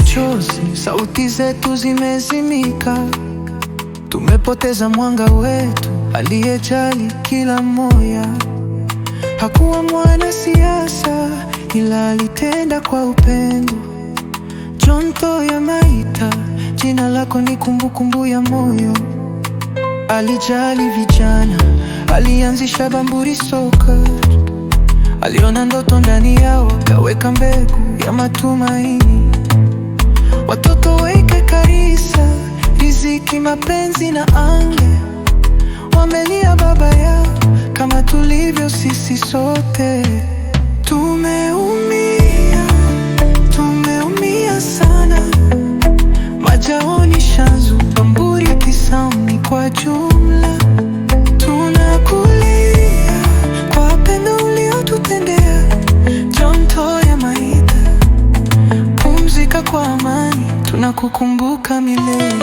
machozi, sauti zetu zimezimika, tumepoteza mwanga wetu aliyejali kila moya Hakuwa mwanasiasa, ila alitenda kwa upendo. John Toya Maita, jina lako ni kumbukumbu kumbu ya moyo. Alijali vijana, alianzisha Bamburi Soka, aliona ndoto ndani yao, kaweka mbegu ya matumaini. Watoto weke karisa, riziki, mapenzi na ange, wamelia baba yao kama tulivyo sisi sote. Tumeumia, tumeumia sana, majaoni, shanzu, bamburi, kisauni kwa juu kukumbuka milele.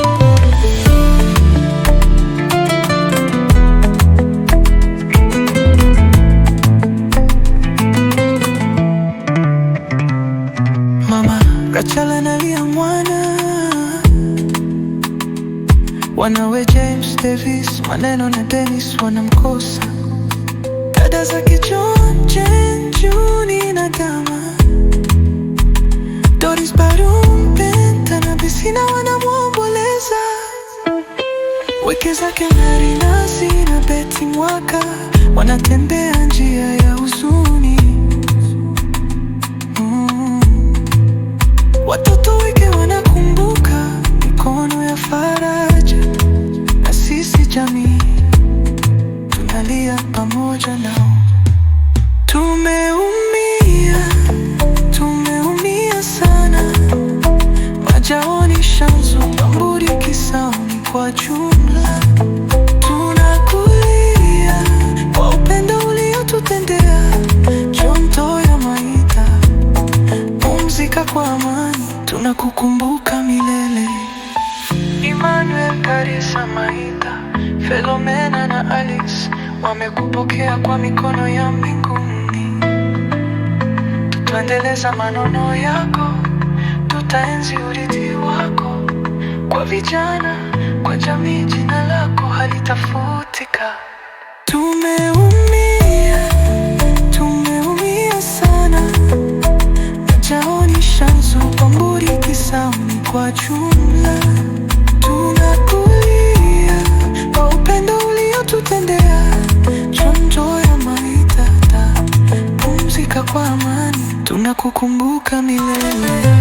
Mama Rachel analia mwana, wanawe James Davis, Maneno na Dennis wanamkosa dada za kichwa sina wanamwomboleza, wekeza kenari nasi na beti mwaka wanatembea njia ya huzuni mm. Watoto wake wanakumbuka mikono ya faraja, na sisi jamii tunalia pamoja nao, tumeumia amani, tunakukumbuka milele. Emmanuel Karisa Maitha, felomena na Alice wamekupokea kwa mikono ya mbinguni. Tutaendeleza manono yako, tutaenzi urithi wako kwa vijana, kwa jamii, jina lako zamani, tunakukumbuka milele.